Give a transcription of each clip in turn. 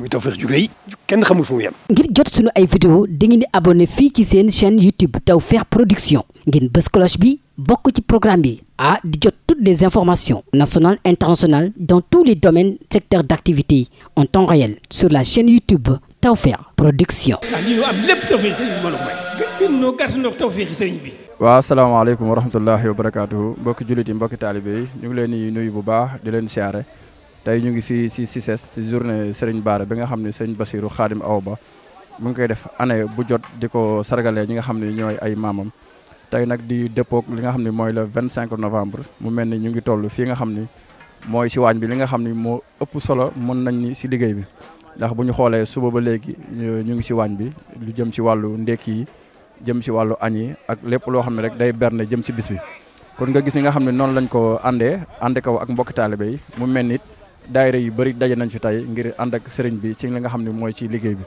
muy Tawfekh ju rëy kenn xamul fu mu ngir jot sunu ay vidéo dangeen di abonné fii ci seen chaîne YouTube Tawfekh Production ngeen bës cloche bi bokk ci programme bi ah di jot toutes les informations nationales internationales dans tous les domaines secteurs d'activité en temps réel sur la chaîne YouTube Tawfekh Production. ah lii ñu am lépp Tawfekh sëriñ bi mbooloo mooy. gën gën ñoo bi. waaw salaamaaleykum wa rahmatullahi wa barakaatuhu mbokki jullit yi mbokki taalibe ñu ngi leen bu baax di leen siyaare. tey ñu ngi fii si si CICES si journée Serigne baare bi nga xam ne sëñ Bassirou Khadim aw Ba mu ngi koy def année bu jot di ko sargalee ñi nga xam ne ñooy ay maamam tey nag di dëppoog li nga xam ne mooy le 25 novembre mu mel ni ñu ngi toll fii nga xam ni mooy si waañ bi li nga xam ni moo ëpp solo mën nañ ni si liggéey bi ndax bu ñu xoolee suba ba léegi ñu ngi si waañ bi lu jëm si wàllu ndekki yi jëm si wàllu añ yi ak lépp loo xam ne rek day berne jëm si bis bi kon nga gis ni nga xam ne noonu lañ ko àndee ànd ak mbokki taalibe mu mel ni daayira yi bëri daje nañ fi tey ngir ànd ak sëriñ bi ci li nga xam ne mooy ci liggéey bi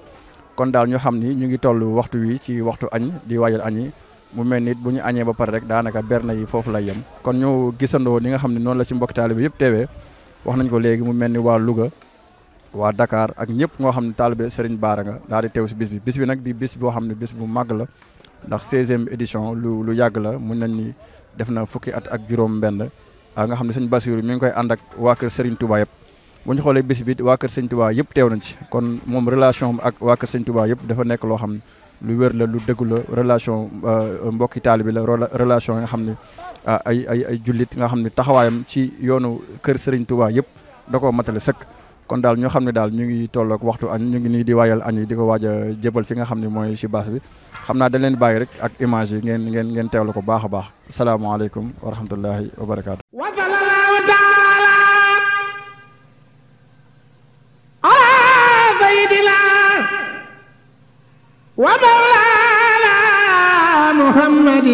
kon daal ñu xam ni ñu ngi toll waxtu wi ci waxtu añ di waajal añi mu mel nit bu ñu añee ba pare rek daanaka berne yi foofu lay yem kon ñu gisandoo ni nga xam ne noonu la ci mbokk taalibe yëpp teewee wax nañ ko léegi mu mel ni waa Louga waa dakaar ak ñëpp ngoo xam ne taalibe Serigne Bara nga daal di teew si bis bi bis bi nag di bis boo xam ne bis bu mag la ndax 16e lu lu yàgg la mun nañ ni def na fukki at ak juróom benn nga xam ne sëñ Bassirou mi ngi koy ànd ak waa kër Serigne Touba bu ñu xoolee bis waa Kër Sëñ Touba yëpp teew nañ ci kon moom relation ak waa Kër Sëñ Touba yëpp dafa nekk loo xam ne lu wér la lu dëgg la relation euh, mbokki taalibe la relation nga xam ne ah, ay ay ay jullit nga xam ne taxawaayam ci yoonu Kër Sëriñ Touba yëpp da koo matale sëkk. kon daal ñoo xam ne daal ñu ngi tollook waxtu añ ñu ngi nii di waajal añ yi di ko waaj a fi nga xam ne mooy si baas bi xam naa daleen leen bàyyi rek ak image yi ngeen ngeen ngeen teewlu ko baax a baax salaamaaleykum wa rahmatullahi wa سيدنا ومولانا محمد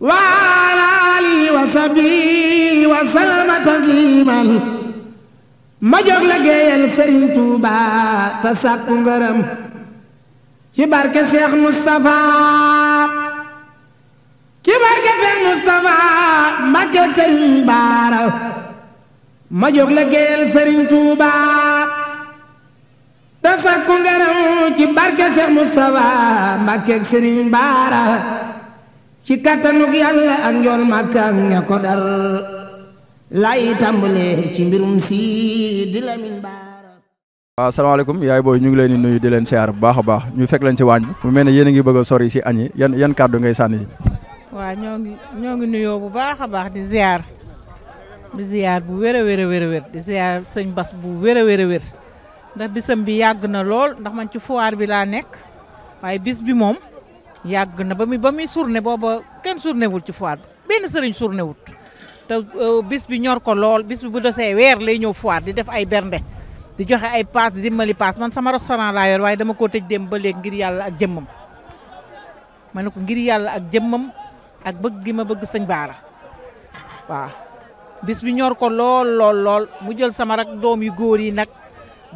وعلى آله وصحبه وسلم تسليما ma jóg liggéeyal Serigne Touba te sàkku ngërëm ci barke Cheikh Moustapha ci barke Cheikh Moustapha Mbacke Serigne Bara ma jóg liggéeyal Serigne Touba te sakku ngërëm ci barke Seex Mustafa Mbàkke ak Sëriñ Baara ci kattanug yàlla ak njool Màkka ak ña ko dar lay tàmbalee ci mbirum si di Lamin Baara. waaw salaamaaleykum yaay booy ñu ngi di nuyu di leen siyaar bu baax a baax ñu fekk leen ci waañ bi mu mel ne yéen ngi bëgg a sori si añ yi yan yan kàddu ngay sànni. waaw ñoo ngi ñoo ngi nuyoo bu baax a baax di ziar di ziar bu wér a wér a wér di ziar sëñ Bas bu wér a wér. ndax bisam bi yàgg na lool ndax man ci foire bi laa nekk waaye bis bi moom yàgg na ba muy ba muy surne booba kenn surnewul ci foire bi benn sëriñ surnewul te euh, bis bi ñor ko lool bis bu desee weer lay ñëw foire di def ay bernde di joxe ay paas di dimbali paas man sama restaurant dama koo tëj dem ba léegi ngir yàlla ak jëmmam ne ko ngir yàlla ak jëmmam ak bëgg gi ma bëgg sëñ baara bi ñor ko lool mu jël sama rak doom yu góor yi nag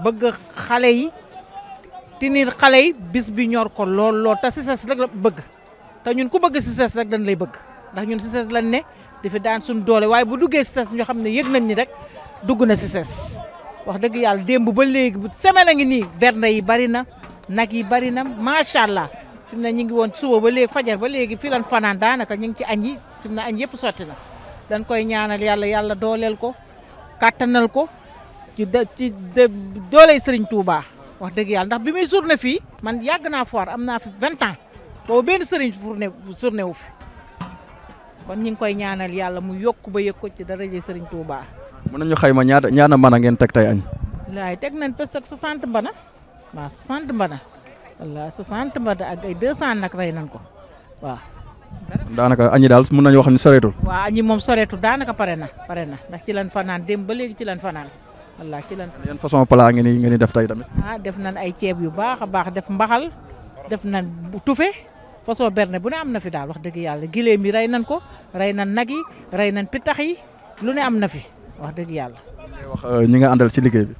bëgg xale yi tenir xale yi bis bi ñor ko lool lool te CICES rek la bëgg te ñun ku bëgg CICES rek dañ lay bëgg ndax ñun CICES lañ ne dafa daan suñu doole waaye bu duggee CICES ñoo xam ne yëg nañ ni rek dugg na CICES wax dëgg yàlla démb ba léegi bu semaine a ngi nii bernde yi bari na nag yi bari na macha allah fi mu ne ñu ngi woon suba ba léegi fajar ba léegi fi lan fanaan daanaka ñu ngi ci añ yi fi na ne añ yëpp sotti na dañ koy ñaanal yàlla yàlla dooleel ko kàttanal ko. ci de ci dooley Serigne Touba wax dëgg yàlla ndax bi muy journée fii man yàgg naa foire am naa fi vingt ans boobu benn Serigne journée journée wu kon ñu ngi koy ñaanal yàlla mu yokk ba yëg ko ci daraje Serigne Touba. mën nañu xayma ñaata ñaata mbana ngeen teg tey añ. laay teg nañ peut-être soixante mbana waaw soixante mbana wallaahi soixante mbana ak ay deux cent nag rey nañ ko waaw. daanaka añi daal mën nañu wax ni soreetul. waaw añi moom soreetul daanaka pare na pare na ndax ci lan fanaan dem ba léegi ci lan fanaan. wallaahi ci lan. yan façon plat ngeen ni def tey tamit. ah def nan ay ceeb yu baax a baax def mbaxal def nan tufe façon berne bu ne am na fi daal wax dëgg yàlla gileem yi rey nan ko rey nan nag yi rey nan pitax yi lu ne am na fi wax dëgg yàlla. wax euh, ñi nga àndal ci liggéey bi.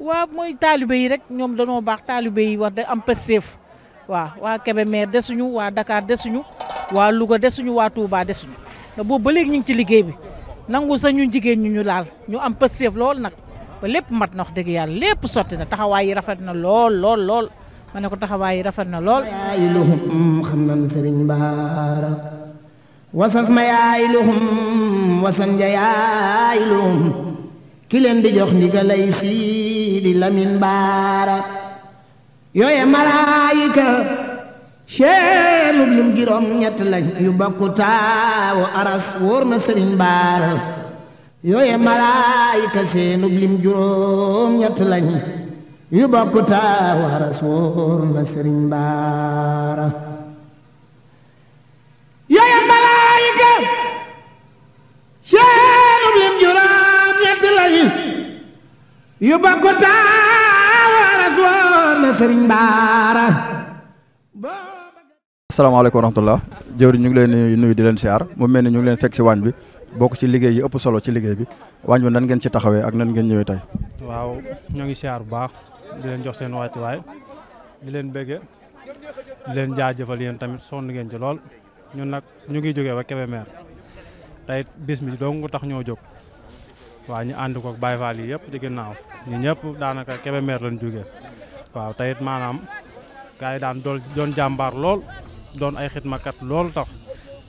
waaw mooy taalibe yi rek ñoom danoo baax taalibe yi wax da am pësteef waaw waa Kébémer desuñu waa Dakar desuñu waa Louga desuñu waa Touba desuñu te boobu ba léegi ñu ngi ci liggéey bi nangu sa jigéen ñu ñu laal ñu am pësteef lool nag. ko lépp mat na wax dëgg yàlla lépp sotti na taxawaay yi rafet na lool lool lool ma ne ko taxawaay yi rafet na lool iluhum xam nan sëriñ baara wasas ma yaay luhum wasan ja yaay luhum ki leen di jox ndigalay sii di lamin baara yooye malaayika seenub lim juróom ñett lañ yu bokku taawu aras wóor na sëriñ baara yooye malaayika seenub lim juróom ñett lañ yu bokkutaa wara sóor na sëriñ baara yooye malaayika seenub lim ñu ngi leen nuyu di leen siyaar mu mel ni ñu leen fekk ci waañ bi bokk ci liggéey yi ëpp solo ci liggéey bi waañ ba nan ngeen ci taxawee ak nan ngeen ñëwee tey. waaw ñoo ngi siyaar bu baax di leen jox seen wàccuwaay di leen bëgge di leen jaajëfal yéen tamit sonn ngeen ci lool ñun nag ñu ngi jóge ba Kébémer tey bis mi dong tax ñoo jóg waa ñu ànd ko ak Baye Fall yi yëpp di ginnaaw ñu ñëpp daanaka Kébémer lañ jógee waaw tey it maanaam gars daan doon jàmbaar lool doon ay xitmakat lool tax.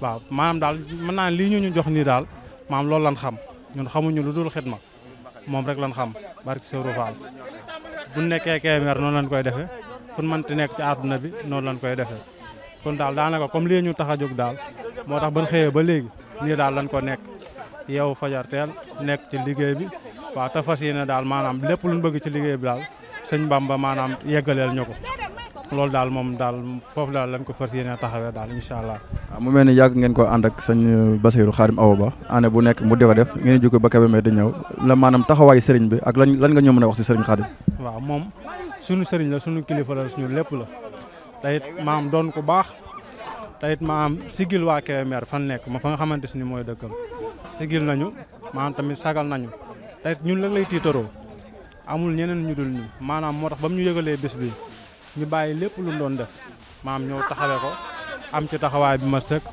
waaw maanaam daal man naa lii ñu ñu jox nii daal maanaam loolu lan xam ñun xamuñu lu dul ma moom rek lan xam barki Sëriñ Faal bu nekkee Kébémer noonu lañ koy defee fu man ti nekk ci àdduna bi noonu lañ koy defee kon daal daanaka comme lii ñu tax a jóg daal moo tax ban xëyee ba léegi nii daal lañ ko nekk yow fajarteel nekk ci liggéey bi waa ta fas yéene daal maanaam lépp luñ bëgg ci liggéey bi daal sëñ ba maanaam yeggaleel ñu ko daal moom daal foofu daal lañ ko fas yéene taxawee daal incha allah waaw ah, mu mel ni yàgg ngeen ko ànd ak sañ euh, Bassirou Khadim Awa Ba année bu nekk mu di def ngeen jóge ba Kébémer di ñëw la maanaam taxawaayu sëriñ bi ak lan lan nga ñu mën a wax si sëriñ Khadim. waaw moom suñu sëriñ la suñu kilifa la suñu lépp la tayit maam doon ko baax tayit maam sigil waa Kébémer fan nekk ma fa nga xamante si ni mooy dëkkam sigil nañu maam tamit sagal nañu tayit ñun lan lay tiitaroo amul ñeneen ñu dul ñu maanaam moo tax ba mu ñu yëgalee bés bi ñu bàyyi lépp lu doon def maam ñëw taxawee ko. am ci taxawaay bi ma sëkk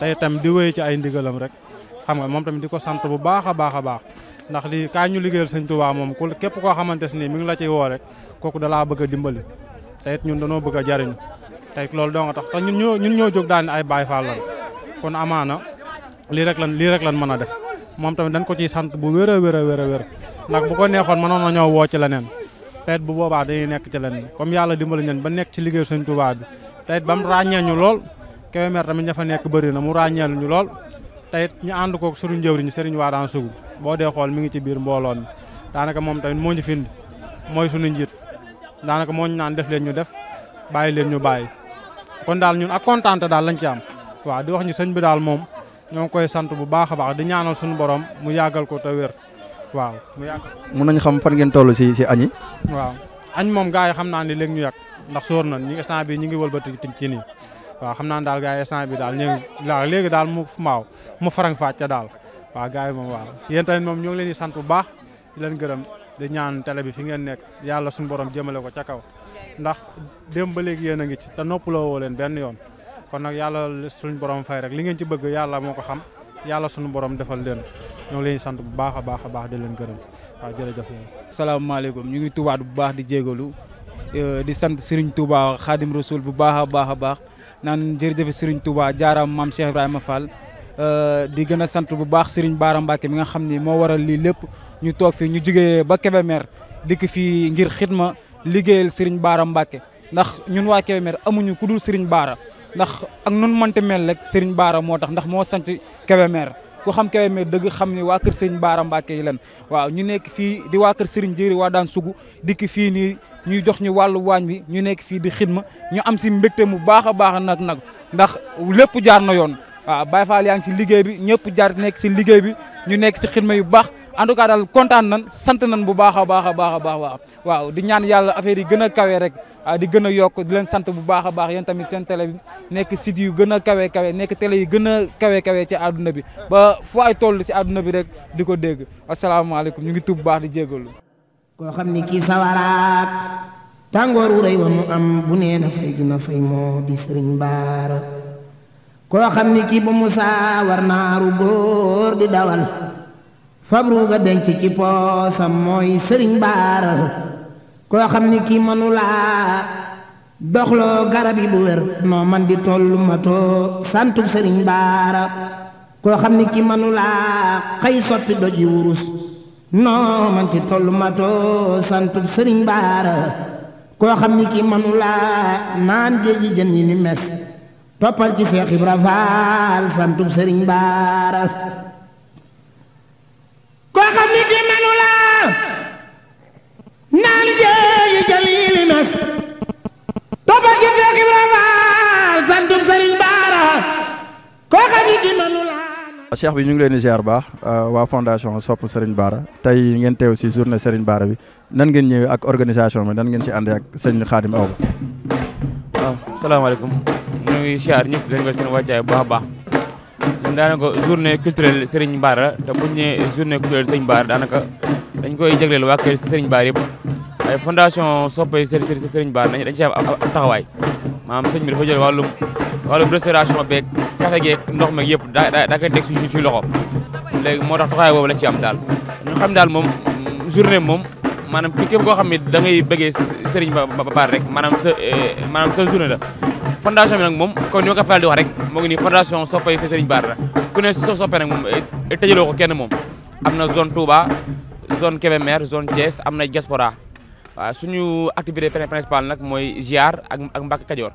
te itam di wéy ci ay ndigalam rek xam nga moom tamit di ko sant bu baax a baax a baax ndax lii kaa ñu liggéeyal sëñ Tuubaa moom ku képp koo xamante ne nii mi ngi la ciy woo rek kooku dalaa bëgg a dimbali te it ñun danoo bëgg a jariñu te it loolu doo nga tax te ñun ñoo ñun ñoo jóg daal ne ay Baay Faal lan kon amaana lii rek lan lii rek lan mën a def moom tamit dañ ko ciy sant bu wér a wér a wér a wér ndax bu ko neexoon mënoon na ñoo woo ci leneen te bu boobaa dañuy nekk ci leneen comme yàlla dimbali ñen ba nekk ci liggéey sëñ Tuubaa bi Kébémer tamit ña fa nekk bëri na mu ràññeel ñu lool tey ñu ànd kook suñu njëwriñ waa Wadane Sougou boo dee xool mi ngi ci biir mbooloo mi daanaka moom tamit moo ñu find mooy suñu njiit daanaka moo ñu naan def leen ñu def bàyyi leen ñu bàyyi kon daal ñun ak kontaante daal lañ ci am waaw di wax ñu sëñ bi daal moom ñoo koy sant bu baax a baax di ñaanal suñu boroom mu yàggal ko te wér waaw mu yàgg mun nañ xam fan ngeen toll si si añi waaw añ moom gars yi xam naa ne léegi ñu yàgg ndax sóor na ñi instant bi ñi ngi wëlbati ci nii waaw xam naa daal gars yi instant bi daal léegi daal mu maaw mu farang fàcce daal waaw gars yi moom waaw yéen tamit moom ñoo ngi leen di sant bu baax di leen gërëm di ñaan télé bi fi ngeen nekk yàlla suñu borom jëmale ko ca kaw ndax démb ba léegi yéen a ci te noppaloo woo leen benn yoon kon nag yàlla suñu borom fay rek li ngeen ci bëgg yàlla moo ko xam yàlla suñu borom defal leen ñoo ngi leen di sant bu baax a baax a baax di leen gërëm waaw jërëjëf yéen. salaamaaleykum ñu ngi tubaat bu baax di jégalu di sant Serigne Touba Khadim Rasoul bu baax a baax a baax naan jërëjëf Serigne Touba jaaraam maam Cheikh Ibrahima Fall euh, di gën a sant bu baax Serigne Bara Mbacké mi nga xam ni moo waral lii lépp ñu toog fii ñu jugee ba Kébémer dikk fii ngir xidma liggéeyal Serigne baara Mbacké ndax ñun waa Kébémer amuñu ku dul Serigne baara ndax ak nun mënti mel rek Serigne baara moo tax ndax moo sant Kébémer ku xam Kébémer dëgg xam ni waa kër Serigne Bara Mbacke yi leen waaw ñu nekk fii di waa kër Serigne Jéeri waa daan sugu dikk fii nii ñuy jox ñu wàllu waañ wi ñu nekk fii di xidma ñu am si mbégte mu baax a baax nag nag ndax lépp jaar na yoon waaw Baye Fall yaa si liggéey bi ñëpp jaar nekk si liggéey bi ñu nekk si xidma yu baax en tout daal kontaan nan sant nan bu baax a baax a baax a baax waaw di ñaan yàlla affaire yi gën a kawee rek Ah, di gën a yokk di leen sant bu baax a baax yéen tamit seen tele nekk site yu gën a kawe kawe nekk tele yi gën a kawe kawe ci àdduna bi ba fu ay toll si àdduna bi rek di ko dégg asalaamaaleykum ñu ngi tub baax di jégalu. koo xam ni kii sawaraak tàngoor wu rëy wa mu am bu nee na fay dina fay moo di sëriñ baara koo xam ni kii bu musaa war naaru góor di dawal fabru ga denc ci poosam mooy sëriñ baara koo xam ni kii manulaa doxloo garab yi bu wér noo man di tollu matoo santuk sëriñ baara koo xam ni kii manulaa xëy soppi doj yi wurus noo man di tollu matoo santuk sëriñ baara koo xam ni kii manulaa naan géeji jën yi ni mes toppal ci Seex Ibra Faal sëriñ baara jëf toppal gi Seex Ibrahima santub Sëriñ Baara koo xam ni ki mënu la cheikh bi ñu ngi leen di ziar baax euh, waa fondation sopp Serigne Bara tey ngeen teew si journée Serigne baara bi nan ngeen ñëwee ak organisation bi nan ngeen ci àndee ak sëñ Xaadim Awa Ba. ngi ziar ñëpp dañu koy seen wàccaay bu baax a baax ñun daanaka journée culturelle Serigne Bara te bu ñu journée culturelle Serigne Bara daanaka dañ koy jagleel waa kër Serigne Bara yëpp. ay fondation soppay sëriñ sëriñ sëriñ Bara dañ dañ ci am ab taxawaay maanaam sëñ bi dafa jël wàllum wàllum restauration beeg café geeg ndox meeg yëpp daa daa koy teg loxo moo tax taxawaay boobu lañ ci am daal ñu xam daal moom journée moom maanaam ki képp koo xam ne da ngay bëggee sëriñ Bara rek maanaam sa eh, maanaam sa journée la fondation bi nag moom kon ñoo ko faral di wax rek moo ngi nii fondation soppay sëriñ Bara la ku ne so soppee nag moom eh, tëjaloo ko kenn moom am na zone Touba zone Kébémer zone am na diaspora waaw suñu activité principale nag mooy ziar ak ak Mbàkke Kajoor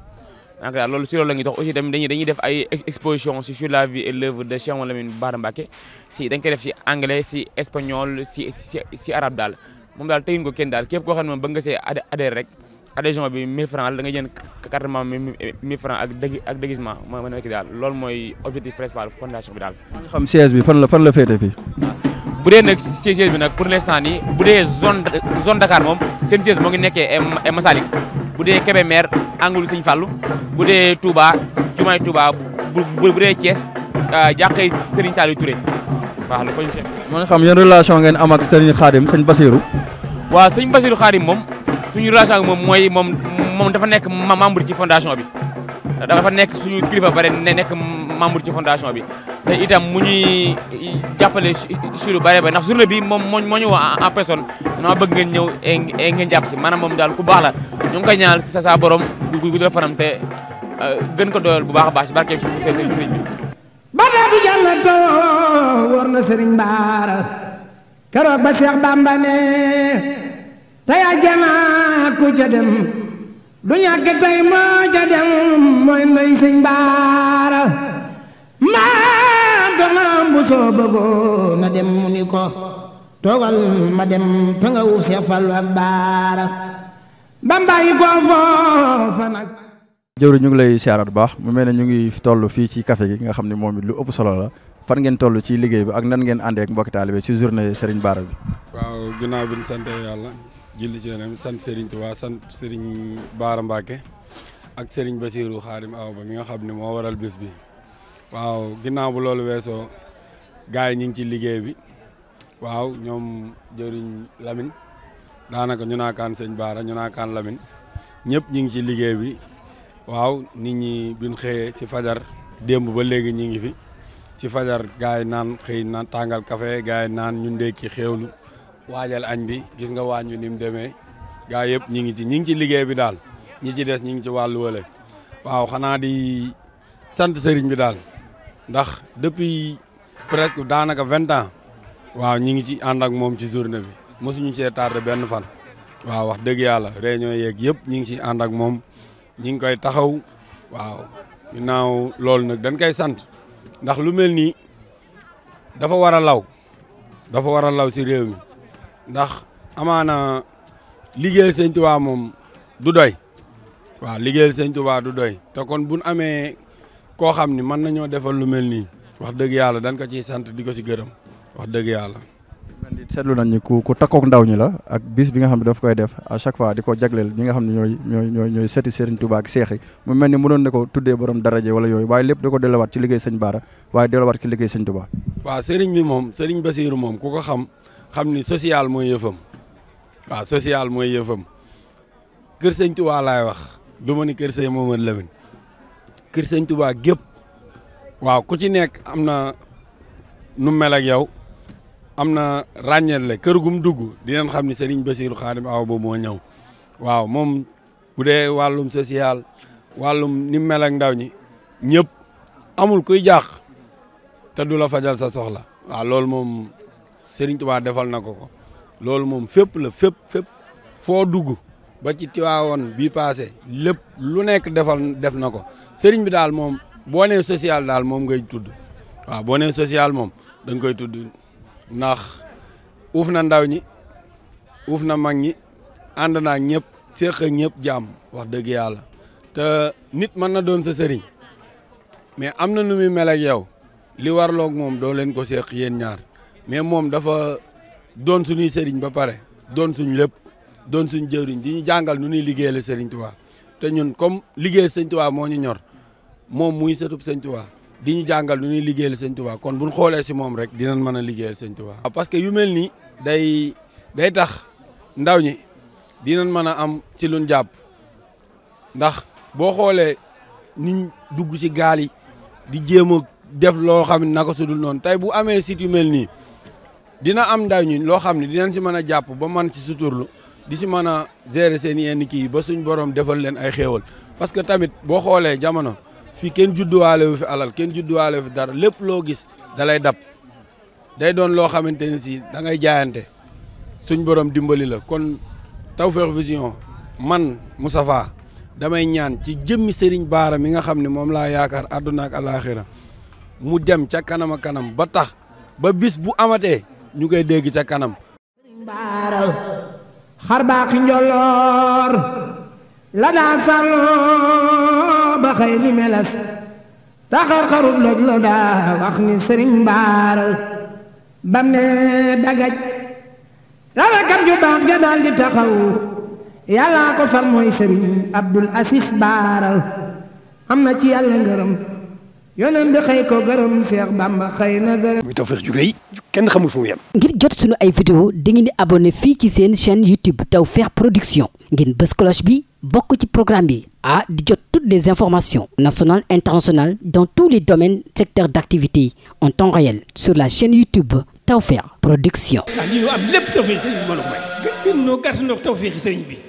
donc loolu si loolu la ñuy dox aussi tamit dañuy dañuy def ay exposition si sur la vie et l'œuvre de Cheikh Lamine Bara Mbacké si dañ def si anglais si espagnol si si si arabe daal moom daal teguñ ko kenn daal képp koo xam ne moom bëgg nga see adhéré rek adhésion bi 1000 francs la da nga ak dég ak déguisement moo mën a daal loolu mooy objectif principal fondation bi daal. xam siège bi fan la fan la féete bu dee nag siège bi nag pour les nii bu dee zone zone Dakar moom seen siège moo ngi nekkee ay Masalik bu dee Kébémer angulu Sëñ Fallu bu dee Touba jumaay Touba bu bu dee Thiès euh, jàkkay Serigne Saliou Touré waaw la ko ñu seet. mën xam yan relation ngeen am ak Serigne Khadim sëñ Basirou. waaw sëñ Basirou Khadim moom suñu relation ak moom mooy moom moom dafa nekk membre ci fondation bi dafa nekk suñu kilifa bare ne nekk membre ci fondation bi. te itam mu ñuy jàppale si lu bare ba ndax journée bi moom moo ñu woo en personne dama bëgg ngeen ñëw e, e ngeen jàpp si maanaam moom daal ku baax la ñu ngi koy ñaanal si sa sa fanam te euh, gën ko doyal bu baax a baax si barke bi si sëriñ bi bada bi jàllato na sëriñ baara keroog ba Cheikh Bamba ne tey ajjana ku ca dem du ñàkk tey moo ca dem mooy ndoy sëriñ baara maam bu soo bëggoon na dem ñu ngi lay siyaaraat baax mu mel ne ñu ngi toll fii ci kafe gi nga xam ne moom it lu ëpp solo la fan ngeen toll ci liggéey bi ak nan ngeen àndeek ak mbokki taalibe ci journée Serigne Bara bi waaw ginnaaw bi ñu sante yàlla julli ci yonent sant Serigne Touba sant Serigne Bara Mbacke ak Serigne Bassirou Xaadim Awa Ba mi nga xam ni moo waral bis bi waaw ginnaaw bu loolu weesoo gars yi ñu ngi ci liggéey bi waaw ñoom jëriñ lamin daanaka ñu naakaan sëñ Baara ñu naakaan lamin ñëpp ñu ngi ci liggéey bi waaw ni ñi buñ xëyee ci fajar démb ba léegi ñu ngi fi ci fajar gars yi naan xëy naan tàngal kafe gars yi naan ñu ndekki xéewlu waajal añ bi gis nga waañ bi ni mu demee gars yëpp ñu ngi ci ñu ngi ci liggéey bi daal ñi ci des ñu ngi ci wàllu wële waaw xanaa di sant sëriñ bi daal ndax depuis presque daanaka vingt ans waaw ñi ngi ci ànd ak moom ci journée bi mosuñu see tardé benn fan. waaw wax dëgg yàlla réunion yeeg yëpp ñi ngi ciy ànd ak moom ñi ngi koy taxaw waaw naaw loolu nag dañ koy sant ndax lu mel nii dafa war a law dafa war a law si réew mi ndax amaana liggéeyal sëñ Tuubaa moom du doy waaw liggéeyal sëñ Tuubaa du doy te kon buñ amee koo xam ni mën nañoo defal lu mel nii wax dëgg yàlla dañ ko ciy sant di ko si gërëm wax dëgg yàlla. seetlu nañ ni ku ku takkook ndaw ñi la ak bis bi nga xam ne daf koy def à chaque fois di ko jagleel ñi nga xam ne ñooy ñooy ñooy ñooy seeti Serigne Touba ak seex mu mel ni mënoon ne ko tuddee borom daraje wala yooyu waaye lépp da ko delluwaat ci liggéey sëñ Baara waaye delluwaat ci liggéey sëñ Touba. waaw Serigne bi moom seriñ Bassirou moom ku ko xam xam ni social mooy yëfam waaw social mooy yëfam kër sëñ Touba laay wax du ma kër sëñ Momadou Lamine kër sëñ Tuubaa gépp waaw ku ci nekk am na nu mel ak yow am na ràññeel le kër gum dugg di leen xam ni Serigne Bassirou Khadim Awa Ba moo ñaw waaw moom bu dee wàllum social wàllum ni mel ak ndaw ñi ñëpp amul kuy jaax te du la fajal sa soxla waaw loolu moom Serigne Touba defal na ko ko loolu moom la fépp fépp foo dugg ba ci Tiwaawoon bii passé lépp lu nekk defal def na ko sëriñ bi daal moom boo nee social daal moom ngay tudd waa boo nee social moom dañ koy tudd ndax uuf na ndaw ñi uuf na mag ñi ànd naa ñëpp séq ak ñëpp jàmm wax dëgg yàlla te nit mën na doon sa sëriñ mais am na nu muy mel ak yow li warloog moom doo leen ko séq yéen ñaar mais moom dafa doon suñuy sëriñ ba pare doon suñ lépp doon suñ jëwriñ di ñu jàngal nu ñuy liggéeyale Serigne Touba te ñun comme liggéey Serigne Touba moo ñu ñor moom muy setub Serigne Touba di ñu jàngal nu ñuy liggéeyal Serigne Touba kon buñ xoolee si moom rek dinañ mën a liggéeyal Serigne Touba parce que yu mel nii day day tax ndaw ñi dinañ mën a am ci luñ jàpp ndax boo xoolee niñ dugg si gaal yi di jéem a def loo xam ne naka sudul noonu tey bu amee site yu mel nii dina am ndaw ñi loo xam ne dinañ si mën a jàpp ba man si suturlu di si mën a gérer seen yenn kii ba suñ borom defal leen ay xéewal parce que tamit boo xoolee jamono fii kenn judduwaale fi alal kenn judduwaale wu fi dara lépp loo gis dalay dab day doon loo xamante ni si da ngay jaayante suñ borom dimbali la kon Tawfekh Vision man Moustapha damay ñaan ci jëmmi Serigne Baara mi nga xam ne moom laa yaakaar àdduna ak alaaxira mu dem ca kanam kanam ba tax ba bis bu amatee ñu koy dégg ca kanam. xar baaxi njolloor la daa sàlloo ba xëy ni melas taxar xarut loj la wax ni sëriñ mbaar bam ne dagaj rawakat ju baax ja daal di yàllaa ko fal mooy sëriñ abdul asis baar am na ci yàlla ngërëm yonent bi xëy ko gërëm Seex Bàmba xëy na gërëm. muy Tawfekh ju rëy kenn xamul fu mu ngir jot sunu ay vidéo dangeen di abonné fii ci seen chaîne YouTube Tawfekh Production ngeen bës bi bokk ci programme bi ah di jot toutes les informations nationales internationales dans tous les domaines secteurs d'activité en temps réel sur la chaîne YouTube Tawfekh Production. ah